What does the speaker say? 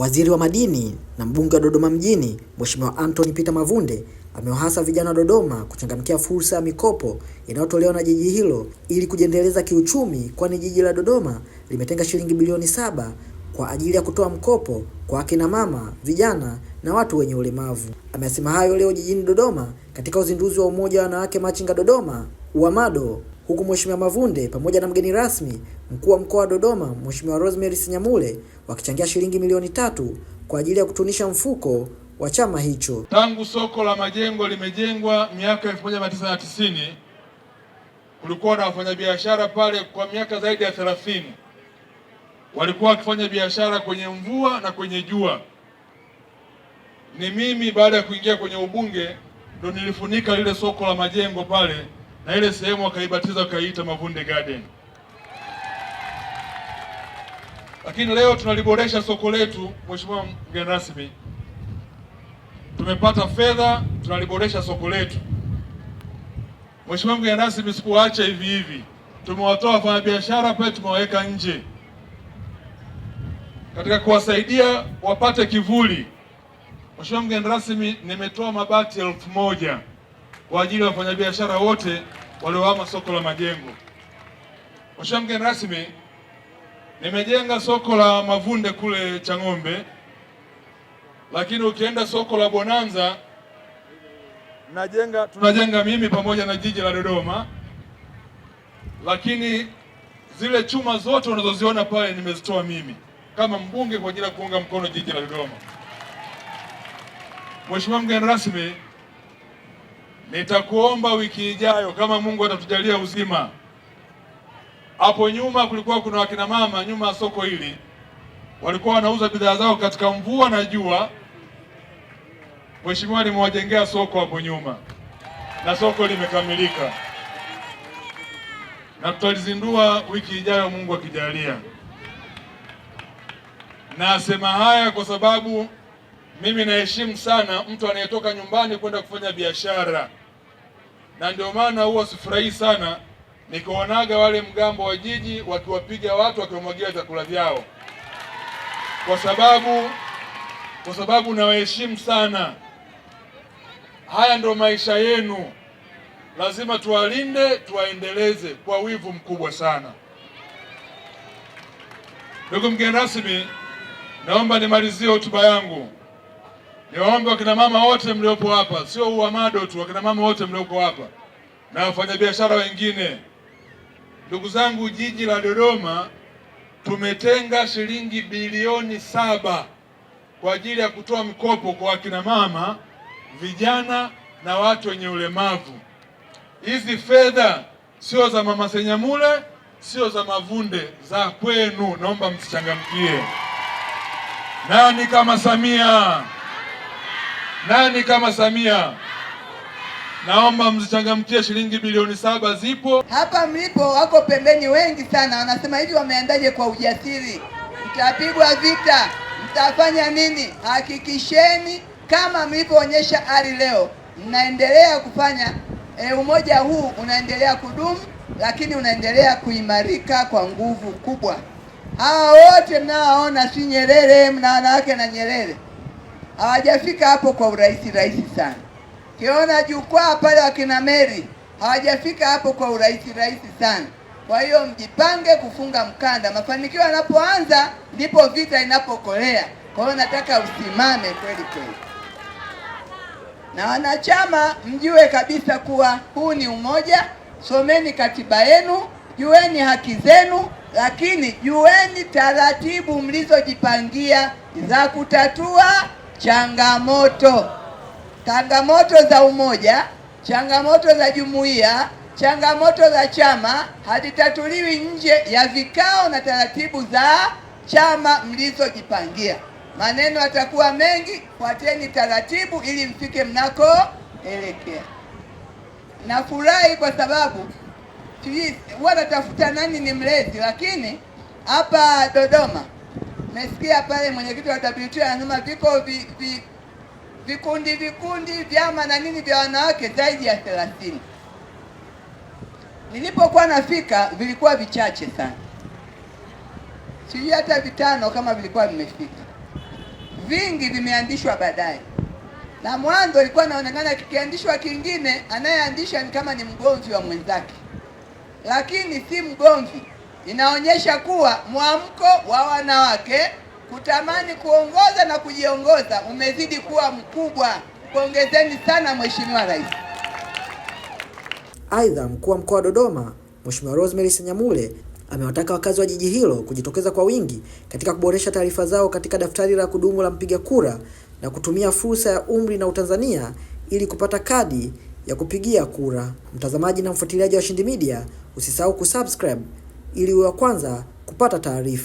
Waziri wa Madini na mbunge wa Dodoma Mjini, Mheshimiwa Anthony Peter Mavunde amewahasa vijana wa Dodoma kuchangamkia fursa ya mikopo inayotolewa na jiji hilo ili kujiendeleza kiuchumi, kwani jiji la Dodoma limetenga shilingi bilioni saba kwa ajili ya kutoa mkopo kwa akina mama, vijana na watu wenye ulemavu. Amesema hayo leo jijini Dodoma katika uzinduzi wa Umoja wa Wanawake Machinga Dodoma, UWAMADO huku Mheshimiwa Mavunde pamoja na mgeni rasmi mkuu wa mkoa wa Dodoma Mheshimiwa Rosemary sinyamule wakichangia shilingi milioni tatu kwa ajili ya kutunisha mfuko wa chama hicho. Tangu soko la majengo limejengwa miaka 1990 kulikuwa na wafanyabiashara pale kwa miaka zaidi ya 30 walikuwa wakifanya biashara kwenye mvua na kwenye jua. Ni mimi baada ya kuingia kwenye ubunge ndo nilifunika lile soko la majengo pale na ile sehemu wakaibatiza wakaiita Mavunde Garden. Lakini leo tunaliboresha soko letu, Mheshimiwa mgeni rasmi, tumepata fedha, tunaliboresha soko letu. Mheshimiwa mgeni rasmi, sikuwaacha hivi hivi, tumewatoa wafanyabiashara pale, tumewaweka nje katika kuwasaidia wapate kivuli. Mheshimiwa mgeni rasmi, nimetoa mabati elfu moja kwa ajili ya wafanyabiashara wote waliohama soko la majengo. Mheshimiwa mgeni rasmi, nimejenga soko la Mavunde kule Chang'ombe, lakini ukienda soko la Bonanza najenga tunajenga mimi pamoja na jiji la Dodoma, lakini zile chuma zote unazoziona pale nimezitoa mimi kama mbunge kwa ajili ya kuunga mkono jiji la Dodoma. Mheshimiwa mgeni rasmi nitakuomba wiki ijayo kama Mungu atatujalia uzima. Hapo nyuma kulikuwa kuna wakina mama nyuma ya soko hili walikuwa wanauza bidhaa zao katika mvua na jua. Mheshimiwa, nimewajengea soko hapo nyuma na soko limekamilika na tutalizindua wiki ijayo, Mungu akijalia. Nasema haya kwa sababu mimi naheshimu sana mtu anayetoka nyumbani kwenda kufanya biashara, na ndio maana huwa sifurahii sana nikiwaonaga wale mgambo wa jiji wakiwapiga watu wakiwamwagia vyakula vyao, kwa sababu kwa sababu nawaheshimu sana. Haya ndio maisha yenu, lazima tuwalinde, tuwaendeleze kwa wivu mkubwa sana. Ndugu mgeni rasmi, naomba nimalizie hotuba yangu Niwaombe wakinamama wote mliopo hapa, sio uamado tu, wakinamama wote mliopo hapa na wafanyabiashara wengine, ndugu zangu, jiji la Dodoma tumetenga shilingi bilioni saba kwa ajili ya kutoa mikopo kwa wakinamama, vijana na watu wenye ulemavu. Hizi fedha sio za mama Senyamule, sio za Mavunde, za kwenu. Naomba msichangamkie. Nani kama Samia? Nani kama Samia? Naomba mzichangamkie shilingi bilioni saba zipo hapa mlipo. Wako pembeni wengi sana, wanasema hivi, wameandaje kwa ujasiri? Mtapigwa vita, mtafanya nini? Hakikisheni kama mlivyoonyesha ari leo, mnaendelea kufanya e, umoja huu unaendelea kudumu, lakini unaendelea kuimarika kwa nguvu kubwa. Hawa wote mnawaona, si Nyerere, mna wanawake na Nyerere hawajafika hapo kwa urahisi rahisi sana. Kiona jukwaa pale wakina Meri hawajafika hapo kwa urahisi rahisi sana. Kwa hiyo mjipange kufunga mkanda. Mafanikio yanapoanza ndipo vita inapokolea. Kwa hiyo nataka usimame kweli kweli, na wanachama mjue kabisa kuwa huu ni umoja. Someni katiba yenu, jueni haki zenu, lakini jueni taratibu mlizojipangia za kutatua changamoto, changamoto za umoja, changamoto za jumuiya, changamoto za chama hazitatuliwi nje ya vikao na taratibu za chama mlizojipangia. Maneno yatakuwa mengi, fuateni taratibu ili mfike mnakoelekea. Nafurahi kwa sababu sijui huwa natafuta nani ni mlezi, lakini hapa Dodoma Mesikia pale mwenyekiti wa WT anasema viko vi, vi, vikundi vikundi vyama na nini vya wanawake zaidi ya thelathini. Nilipokuwa nafika vilikuwa vichache sana, sijui hata vitano kama vilikuwa vimefika. Vingi vimeandishwa baadaye, na mwanzo ilikuwa naonekana kikiandishwa kingine, anayeandisha ni kama ni mgomvi wa mwenzake, lakini si mgomvi inaonyesha kuwa mwamko wa wanawake kutamani kuongoza na kujiongoza umezidi kuwa mkubwa. Pongezeni sana Mheshimiwa Rais. Aidha, mkuu wa mkoa wa Dodoma Mheshimiwa Rosemary Senyamule amewataka wakazi wa jiji hilo kujitokeza kwa wingi katika kuboresha taarifa zao katika daftari la kudumu la mpiga kura na kutumia fursa ya umri na utanzania ili kupata kadi ya kupigia kura. Mtazamaji na mfuatiliaji wa Washindi Media, usisahau kusubscribe ili wa kwanza kupata taarifa.